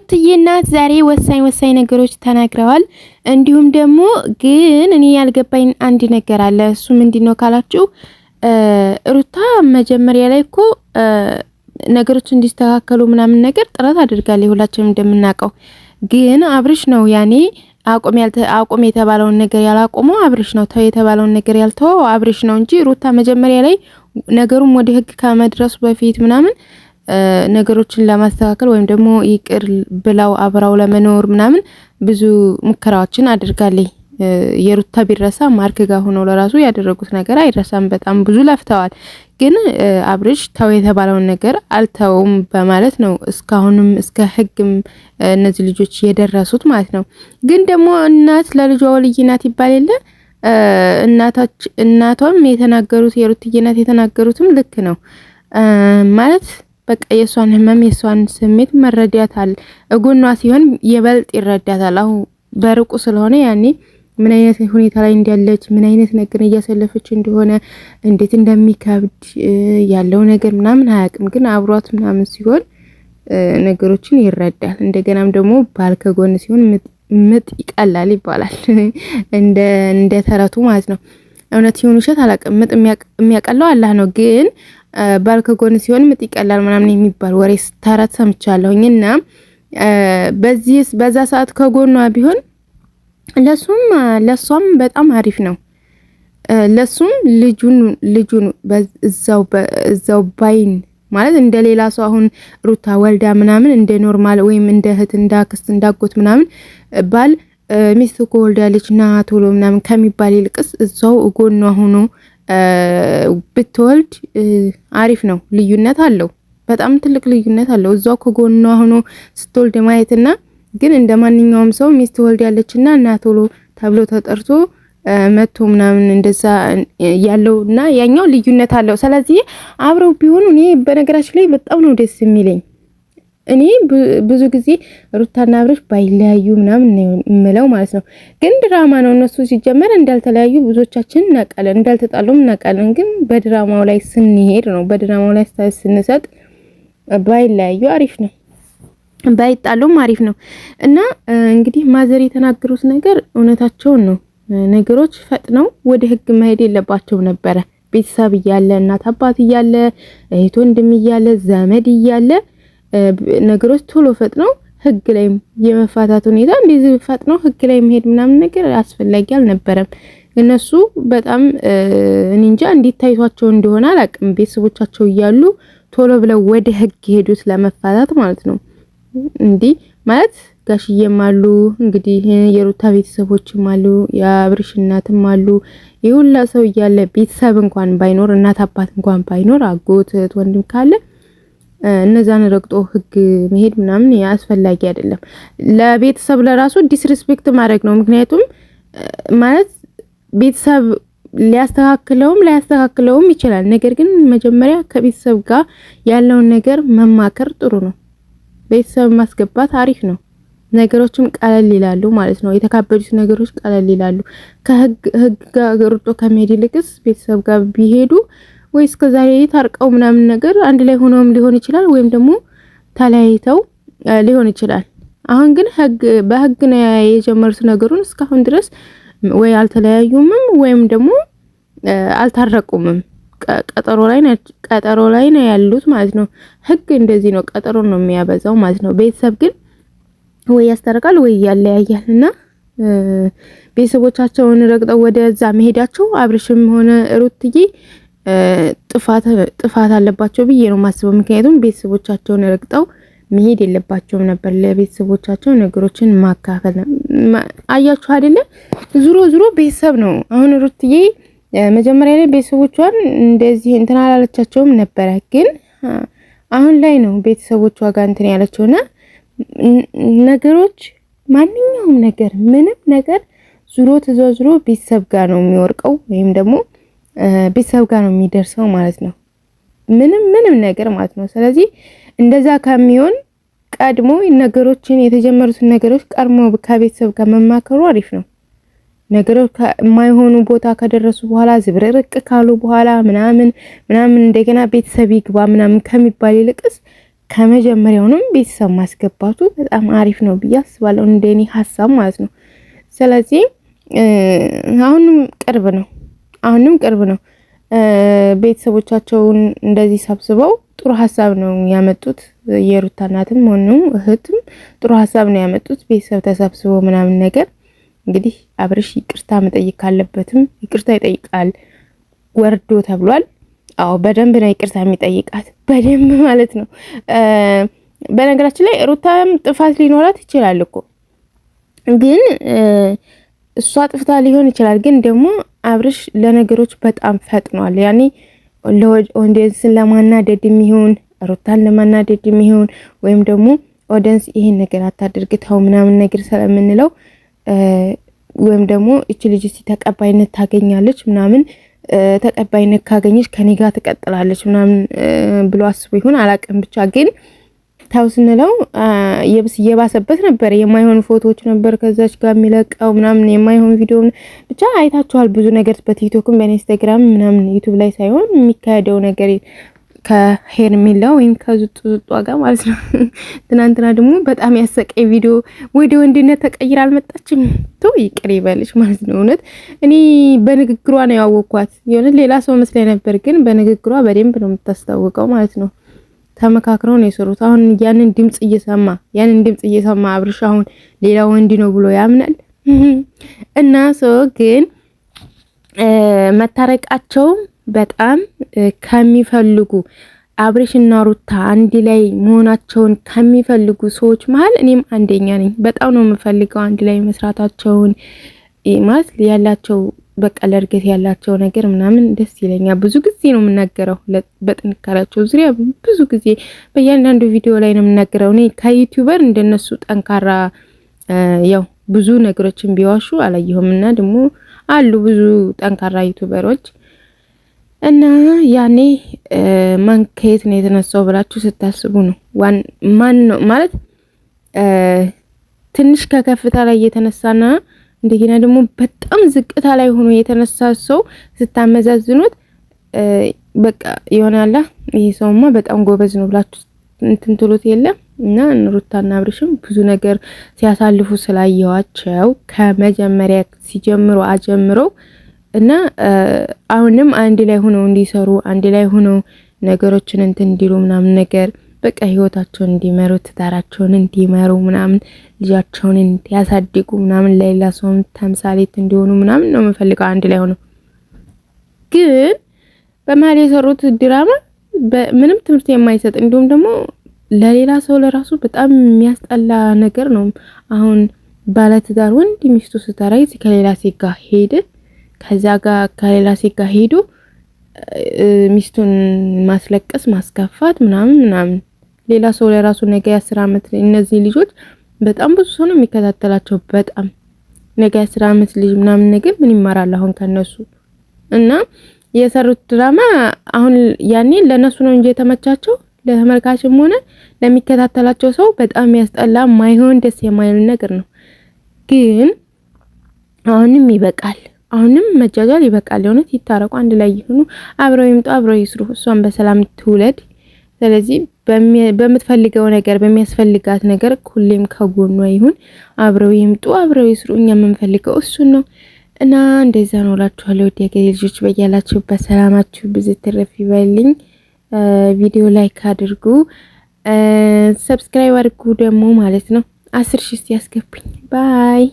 የሩትዬ እናት ዛሬ ወሳኝ ወሳኝ ነገሮች ተናግረዋል። እንዲሁም ደግሞ ግን እኔ ያልገባኝ አንድ ነገር አለ። እሱ ምንድን ነው ካላችሁ ሩታ መጀመሪያ ላይ እኮ ነገሮች እንዲስተካከሉ ምናምን ነገር ጥረት አድርጋለች፣ ሁላችንም እንደምናውቀው። ግን አብርሽ ነው ያኔ አቁም የተባለውን ነገር ያላቆመው አብርሽ ነው፣ ተው የተባለውን ነገር ያልተወው አብርሽ ነው እንጂ ሩታ መጀመሪያ ላይ ነገሩም ወደ ህግ ከመድረሱ በፊት ምናምን ነገሮችን ለማስተካከል ወይም ደግሞ ይቅር ብላው አብራው ለመኖር ምናምን ብዙ ሙከራዎችን አድርጋለች። የሩታ ቢረሳ ማርክ ጋር ሆኖ ለራሱ ያደረጉት ነገር አይረሳም። በጣም ብዙ ለፍተዋል። ግን አብርሽ ተው የተባለውን ነገር አልተውም በማለት ነው እስካሁንም እስከ ህግም እነዚህ ልጆች የደረሱት ማለት ነው። ግን ደግሞ እናት ለልጇ ወልይ ናት ይባል የለ እናቷም የተናገሩት የሩትዬ ናት የተናገሩትም ልክ ነው ማለት በቃ የእሷን ህመም የእሷን ስሜት መረዳታል። እጎኗ ሲሆን የበልጥ ይረዳታል። አሁን በርቁ ስለሆነ ያኔ ምን አይነት ሁኔታ ላይ እንዳለች ምን አይነት ነገር እያሰለፈች እንደሆነ እንዴት እንደሚከብድ ያለው ነገር ምናምን አያውቅም። ግን አብሯት ምናምን ሲሆን ነገሮችን ይረዳል። እንደገናም ደግሞ ባል ከጎን ሲሆን ምጥ ይቀላል ይባላል፣ እንደ እንደ ተረቱ ማለት ነው። እውነት ይሁን ውሸት አላውቅም። ምጥ የሚያቀለው አላህ ነው ግን ባል ጎን ሲሆን ምጥ ይቀላል ምናምን የሚባል ወሬ ተረት ሰምቻለሁኝ። እና በዚህ በዛ ሰዓት ከጎኗ ቢሆን ለሱም ለሷም በጣም አሪፍ ነው። ለሱም ልጁን ልጁን እዛው እዛው ባይን ማለት እንደ ሌላ ሰው አሁን ሩታ ወልዳ ምናምን እንደ ኖርማል ወይም እንደ እህት እንደ አክስት እንዳጎት ምናምን ባል ሚስት እኮ ና ቶሎ ምናምን ከሚባል ይልቅስ እዛው ጎኗ ሆኖ ብትወልድ አሪፍ ነው። ልዩነት አለው፣ በጣም ትልቅ ልዩነት አለው። እዛ ከጎኗ ሆኖ ስትወልድ ማየትና ግን እንደ ማንኛውም ሰው ሚስት ወልድ ያለችና እና ቶሎ ተብሎ ተጠርቶ መቶ ምናምን እንደዛ ያለው እና ያኛው ልዩነት አለው። ስለዚህ አብረው ቢሆኑ እኔ በነገራችን ላይ በጣም ነው ደስ የሚለኝ። እኔ ብዙ ጊዜ ሩታና አብርሽ ባይለያዩ ምናምን የምለው ማለት ነው። ግን ድራማ ነው። እነሱ ሲጀመር እንዳልተለያዩ ብዙዎቻችን እናውቃለን፣ እንዳልተጣሉም እናውቃለን። ግን በድራማው ላይ ስንሄድ ነው በድራማው ላይ ስንሰጥ ባይለያዩ አሪፍ ነው፣ ባይጣሉም አሪፍ ነው እና እንግዲህ ማዘር የተናገሩት ነገር እውነታቸውን ነው። ነገሮች ፈጥነው ወደ ህግ መሄድ የለባቸውም ነበረ ቤተሰብ እያለ እናት አባት እያለ እህት ወንድም እያለ ዘመድ እያለ ነገሮች ቶሎ ፈጥነው ህግ ላይ የመፋታት ሁኔታ እንደዚህ ፈጥነው ህግ ላይ መሄድ ምናምን ነገር አስፈላጊ አልነበረም። እነሱ በጣም እኔ እንጃ እንዴት ታይቷቸው እንደሆነ አላቅም። ቤተሰቦቻቸው እያሉ ቶሎ ብለው ወደ ህግ ሄዱት ለመፋታት ማለት ነው። እንዲህ ማለት ጋሽዬም አሉ እንግዲህ የሩታ ቤተሰቦችም አሉ የአብርሽ እናትም አሉ። የሁላ ሰው እያለ ቤተሰብ እንኳን ባይኖር እናት አባት እንኳን ባይኖር አጎት ወንድም ካለ እነዛን ረግጦ ህግ መሄድ ምናምን አስፈላጊ አይደለም። ለቤተሰብ ለራሱ ዲስሪስፔክት ማድረግ ነው። ምክንያቱም ማለት ቤተሰብ ሊያስተካክለውም ላያስተካክለውም ይችላል። ነገር ግን መጀመሪያ ከቤተሰብ ጋር ያለውን ነገር መማከር ጥሩ ነው። ቤተሰብ ማስገባት አሪፍ ነው። ነገሮችም ቀለል ይላሉ ማለት ነው። የተካበዱት ነገሮች ቀለል ይላሉ። ከህግ ህግ ጋር ሩጦ ከመሄድ ይልቅስ ቤተሰብ ጋር ቢሄዱ ወይ እስከ ዛሬ ታርቀው ምናምን ነገር አንድ ላይ ሆኖም ሊሆን ይችላል፣ ወይም ደግሞ ተለያይተው ሊሆን ይችላል። አሁን ግን ህግ በህግ ነው የጀመሩት ነገሩን። እስካሁን ድረስ ወይ አልተለያዩምም ወይም ደግሞ አልታረቁምም። ቀጠሮ ላይ ቀጠሮ ላይ ነው ያሉት ማለት ነው። ህግ እንደዚህ ነው፣ ቀጠሮ ነው የሚያበዛው ማለት ነው። ቤተሰብ ግን ወይ ያስታርቃል ወይ ያለያያል እና ቤተሰቦቻቸውን ረግጠው ወደዛ መሄዳቸው አብርሽም ሆነ ሩትዬ ጥፋት አለባቸው ብዬ ነው ማስበው ምክንያቱም ቤተሰቦቻቸውን ረግጠው መሄድ የለባቸውም ነበር። ለቤተሰቦቻቸው ነገሮችን ማካፈል አያችሁ አይደለ? ዙሮ ዙሮ ቤተሰብ ነው። አሁን ሩትዬ መጀመሪያ ላይ ቤተሰቦቿን እንደዚህ እንትን አላለቻቸውም ነበረ፣ ግን አሁን ላይ ነው ቤተሰቦቿ ጋር እንትን ያለችውና ነገሮች ማንኛውም ነገር ምንም ነገር ዙሮ ተዘዝሮ ቤተሰብ ጋር ነው የሚወርቀው ወይም ደግሞ ቤተሰብ ጋር ነው የሚደርሰው ማለት ነው። ምንም ምንም ነገር ማለት ነው። ስለዚህ እንደዛ ከሚሆን ቀድሞ ነገሮችን የተጀመሩትን ነገሮች ቀድሞ ከቤተሰብ ጋር መማከሩ አሪፍ ነው። ነገሮች የማይሆኑ ቦታ ከደረሱ በኋላ ዝብርርቅ ካሉ በኋላ ምናምን ምናምን እንደገና ቤተሰብ ይግባ ምናምን ከሚባል ይልቅስ ከመጀመሪያውንም ቤተሰብ ማስገባቱ በጣም አሪፍ ነው ብዬ አስባለሁ፣ እንደኔ ሀሳብ ማለት ነው። ስለዚህ አሁንም ቅርብ ነው አሁንም ቅርብ ነው። ቤተሰቦቻቸውን እንደዚህ ሰብስበው ጥሩ ሀሳብ ነው ያመጡት። የሩታ እናትም ሆኑ እህትም ጥሩ ሀሳብ ነው ያመጡት። ቤተሰብ ተሰብስቦ ምናምን ነገር እንግዲህ አብርሽ ይቅርታ መጠየቅ ካለበትም ይቅርታ ይጠይቃል። ወርዶ ተብሏል። አዎ በደንብ ነው ይቅርታ የሚጠይቃት በደንብ ማለት ነው። በነገራችን ላይ ሩታም ጥፋት ሊኖራት ይችላል እኮ ግን እሷ ጥፍታ ሊሆን ይችላል፣ ግን ደግሞ አብርሽ ለነገሮች በጣም ፈጥኗል። ያኔ ኦዲየንስን ለማናደድ የሚሆን ሩታን ለማናደድ የሚሆን ወይም ደግሞ ኦዲየንስ ይሄን ነገር አታድርግተው ምናምን ነገር ስለምንለው ወይም ደግሞ እች ልጅ እስቲ ተቀባይነት ታገኛለች ምናምን ተቀባይነት ካገኘች ከኔ ጋር ትቀጥላለች ምናምን ብሎ አስቦ ይሆን አላቅም ብቻ ግን ታው ስንለው የብስ እየባሰበት ነበር። የማይሆን ፎቶዎች ነበር ከዛች ጋር የሚለቀው ምናምን የማይሆን ቪዲዮ ብቻ አይታችኋል። ብዙ ነገር በቲክቶክም በኢንስታግራም ምናምን ዩቱብ ላይ ሳይሆን የሚካሄደው ነገር ከሄር ከሄርሜላ ወይም ከዙጡጡጧ ጋር ማለት ነው። ትናንትና ደግሞ በጣም ያሰቀኝ ቪዲዮ ወደ ወንድነት ተቀይራ አልመጣችም። ቶ ይቅር ይበልሽ ማለት ነው። እውነት እኔ በንግግሯ ነው ያወኳት። የሆነ ሌላ ሰው መስላ ነበር፣ ግን በንግግሯ በደንብ ነው የምታስታውቀው ማለት ነው። ተመካክረው ነው የሰሩት። አሁን ያንን ድምጽ እየሰማ ያንን ድምጽ እየሰማ አብርሽ አሁን ሌላ ወንድ ነው ብሎ ያምናል። እና ሰው ግን መታረቃቸው በጣም ከሚፈልጉ አብሬሽ እና ሩታ አንድ ላይ መሆናቸውን ከሚፈልጉ ሰዎች መሀል እኔም አንደኛ ነኝ። በጣም ነው የምፈልገው አንድ ላይ መስራታቸውን ማለት ያላቸው በቃ ለእርገት ያላቸው ነገር ምናምን ደስ ይለኛል። ብዙ ጊዜ ነው የምናገረው በጥንካሬያቸው ዙሪያ ብዙ ጊዜ በእያንዳንዱ ቪዲዮ ላይ ነው የምናገረው። እኔ ከዩቲዩበር እንደነሱ ጠንካራ ያው ብዙ ነገሮችን ቢዋሹ አላየሁም እና ደግሞ አሉ ብዙ ጠንካራ ዩቲዩበሮች እና ያኔ ማን ከየት ነው የተነሳው ብላችሁ ስታስቡ ነው ማን ነው ማለት ትንሽ ከከፍታ ላይ የተነሳና እንደገና ደግሞ በጣም ዝቅታ ላይ ሆኖ የተነሳ ሰው ስታመዛዝኑት በቃ ይሆናላ። ይሄ ሰውማ በጣም ጎበዝ ነው ብላችሁ እንትን ትሉት የለም እና ሩታና አብርሽም ብዙ ነገር ሲያሳልፉ ስላየዋቸው ከመጀመሪያ ሲጀምሩ አጀምረው እና አሁንም አንድ ላይ ሆነው እንዲሰሩ አንድ ላይ ሆነው ነገሮችን እንትን እንዲሉ ምናምን ነገር በቃ ህይወታቸውን እንዲመሩ ትዳራቸውን እንዲመሩ ምናምን ልጃቸውን እንዲያሳድጉ ምናምን ለሌላ ሰውም ተምሳሌት እንዲሆኑ ምናምን ነው የምፈልገው። አንድ ላይ ሆኖ ግን በመሀል የሰሩት ድራማ ምንም ትምህርት የማይሰጥ እንዲሁም ደግሞ ለሌላ ሰው ለራሱ በጣም የሚያስጠላ ነገር ነው። አሁን ባለትዳር ወንድ ሚስቱ ስታራይ ከሌላ ሴት ጋር ሄደ ከዛ ጋር ከሌላ ሴት ጋር ሄዶ ሚስቱን ማስለቀስ ማስከፋት ምናምን ምናምን ሌላ ሰው ለራሱ ነገ የአስር ዓመት እነዚህ ልጆች በጣም ብዙ ሰው ነው የሚከታተላቸው። በጣም ነገ የአስር ዓመት ልጅ ምናምን ነገር ምን ይማራል አሁን ከነሱ እና የሰሩት ድራማ አሁን ያኔ ለነሱ ነው እንጂ የተመቻቸው ለተመልካችም ሆነ ለሚከታተላቸው ሰው በጣም ያስጠላ ማይሆን ደስ የማይል ነገር ነው። ግን አሁንም ይበቃል። አሁንም መጃጃል ይበቃል። የእውነት ይታረቁ፣ አንድ ላይ ይሁኑ፣ አብረው ይምጡ፣ አብረው ይስሩ። እሷን በሰላም ትውለድ። ስለዚህ በምትፈልገው ነገር በሚያስፈልጋት ነገር ሁሌም ከጎኗ ይሁን። አብረው ይምጡ፣ አብረው ይስሩ። እኛ የምንፈልገው እሱን ነው እና እንደዛ ነው እላችኋለሁ። ወደ የሀገሬ ልጆች በያላችሁ በሰላማችሁ ብዙ ትረፍ ይበልኝ። ቪዲዮ ላይክ አድርጉ፣ ሰብስክራይብ አድርጉ ደግሞ ማለት ነው። አስር ሺህ ያስገቡኝ ባይ